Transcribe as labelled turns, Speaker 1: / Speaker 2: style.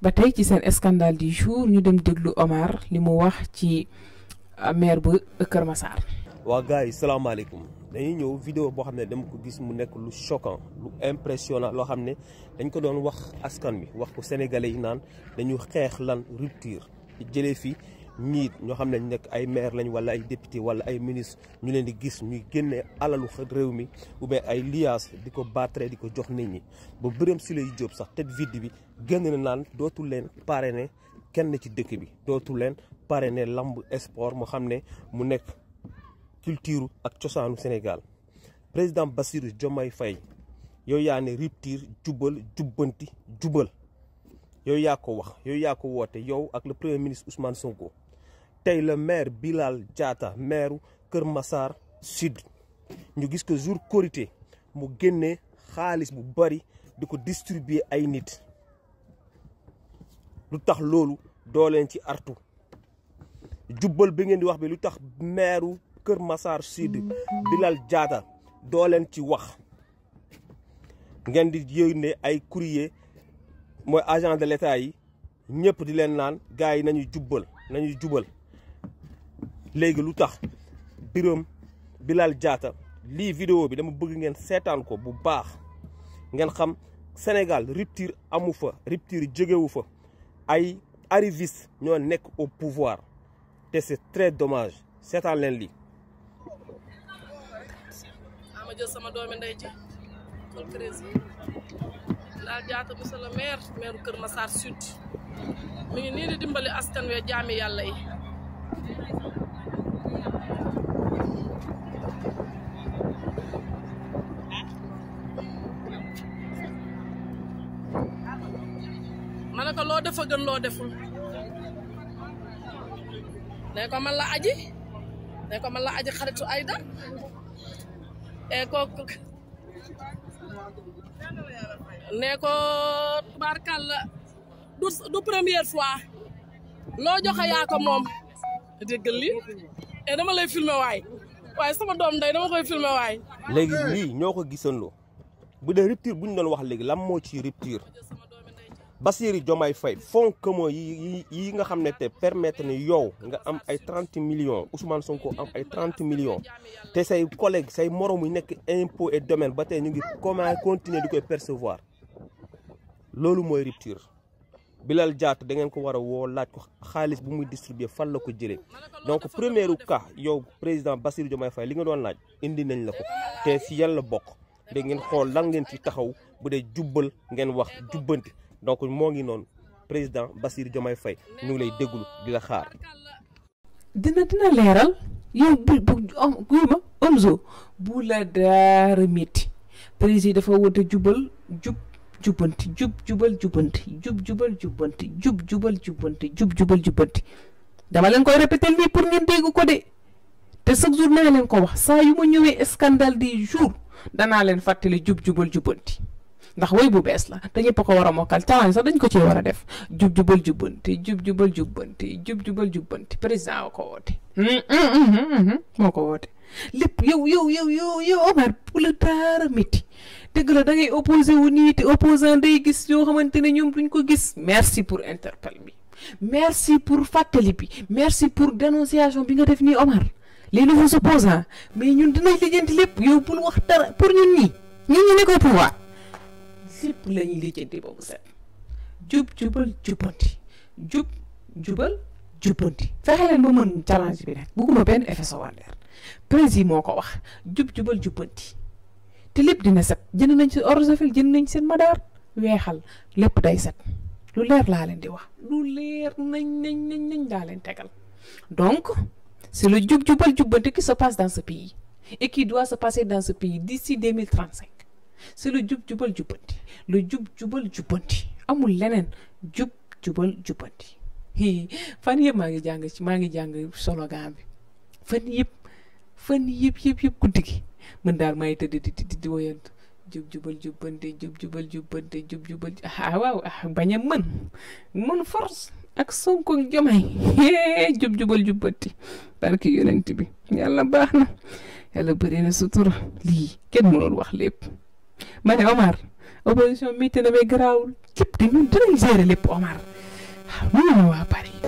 Speaker 1: ba tey ci seen scandale di jour ñu dem déglu Omar li mu wax ci euh, maire bu Kër Massar.
Speaker 2: waa gars yi salaamaaleykum dañuy ñëw vidéo boo xam ne dama ko gis mu nekk lu choquant lu impressionnant loo xam ne dañ ko doon wax askan wi wax ko sénégalais yi naan dañu xeex lan rupture jëlee fii. ñiit ñoo xam ne nekk ay maire lañ wala ay député wala ay ministre ñu leen di gis ñuy génne alalu réew mi ou bien ay liasse di ko baatre di ko jox nit ñi ba bërëm Souleye Diop sax tête vide bi génn na naan dootul leen pare ne kenn ci dëkk bi dootul leen pare ne lamb sport moo xam ne mu nekk culture ak cosaanu Sénégal président Bassirou Diomaye Faye yow yaa ne rupture jubal jubbanti jubal yow yaa ko wax yow yaa ko woote yow ak le premier ministre Ousmane Sonko tey le maire Bilal jaata maireu Kër Massar Sud ñu gis que jour Korité mu génnee xaalis bu bari di ko distribue ay nit lu tax loolu doo leen ci artu jubbal bi ngeen di wax bi lu tax maireu Kër Massar Sud Bilal Diatta doo leen ci wax ngeen di yónnee ay courrier mooy agent de l'État yi ñëpp di leen naan gars yi nañu jubbal nañu jubal légui lutax Bilal jata li vidéo bi dama bëgg ngeen ko bu baax ngeen xam Sénégal rupture amu fa rupture arrivistes au pouvoir te c'est très dommage seetaan len li
Speaker 3: sama maire maire Kër Massar Sud dimbali loo def a gën loo deful ne ko man la aji ne ko man la aji xaritu Aida e kooku ne ko tubaarkàlla du du fois loo joxe yaa ko moom déggal li e dama lay filmé waay waaye sama doom day dama koy filmé waay léegi lii
Speaker 2: ñoo ko gisandoo bu dee rupture bu ñu doon wax léegi lan ci rupture Bassirou Diomaye Faye fonds commun yi yi nga xamné té permettre né yow nga am ay 30 millions Ousmane Sonko am ay 30 millions té say collègues say moroom yu nekk impôt et domaine ba ñu ngi comment continuer di koy percevoir lolu moy rupture Bilal Diatta da ngeen ko wara wo woo laaj ko xaalis bu muy distribuer fan la ko jëlé donc premier cas yow président Bassirou Diomaye Faye li nga doon laaj indi nañ la ko té si yalla bok da ngeen xool lan ngeen ci taxaw bu dé jubbal ngeen wax jubbanti donc moo ngi noonu président basir Diomaye Faye ñu ngi lay déglu di la xaar.
Speaker 1: dina dina leeral yow bu bu guy ma Omzo bu la daara métti président dafa woote jubal jub jubbanti jub jubal jubanti jub jubal jubbanti jub jubal jubbanti jub jubal jubbanti dama leen koy répéter nii pour ngeen dégg ko de te chaque jour naa leen ko wax saa yu ma ñëwee scandale du jour danaa leen fàttali jub jubal jubbanti. ndax woy bu bees la da ñëpp ko war a mokkal caawaane sax dañ ko ci war a def jub jubal jubbanti jub jubal jubbanti jub jubal jubbanti président wa ko woote hmm, hmm, hmm, moo ko woote lépp yow yow yow yow yow Omar bu la taara métti dëgg la da ngay opposé wu nii te opposant day gis yoo xamante ne ñoom duñ ko gis merci pour interpelle bi merci pour fàttali bi merci pour dénonciation bi nga def nii Omar les nouveaux opposants mais ñun dinañ lijjanti lépp yow bul wax dara pour ñun ñii ñun ñu nekk au pouvoir pour la ñuy lijjanti boobu set jub jubal jubbanti jub jubal jubbanti fexe leen ba mën challenge bi nag bugguma benn effet secondaire prési moo ko wax jub jubal jubbanti te lépp dina set jënd nañ si orosafil jënd nañ seen madaar weexal lépp day set lu leer laa leen di wax lu leer nañ nañ nañ nañ laa leen tegal donc c'est le jub jubal jubbanti qui se passe dans ce pays et qui doit se passer dans ce pays d'ici 2035 c'est lu jub jubal jubal jubbanti amul leneen jub jubal jubbanti fan yëpp maa ngi jàng ci maa ngi jàng slogan bi fan yëpp fan yëpp yëpp yëpp guddi gi mën daal ma tëdd di di di woyantu jub jubal jubbante jub jubal jubbante jub jubal ah waaw ah, a mën mën ak Sonko ak Jomaay jub jubal jubbanti barki yonent bi yàlla baax na yàlla bëri na sutura lii kenn mënoon wax lépp. ma ne Omar opposition miite na mais garaawul lépp de ñun dinañ gérer lépp Omar waaw mën nañu waa Paris.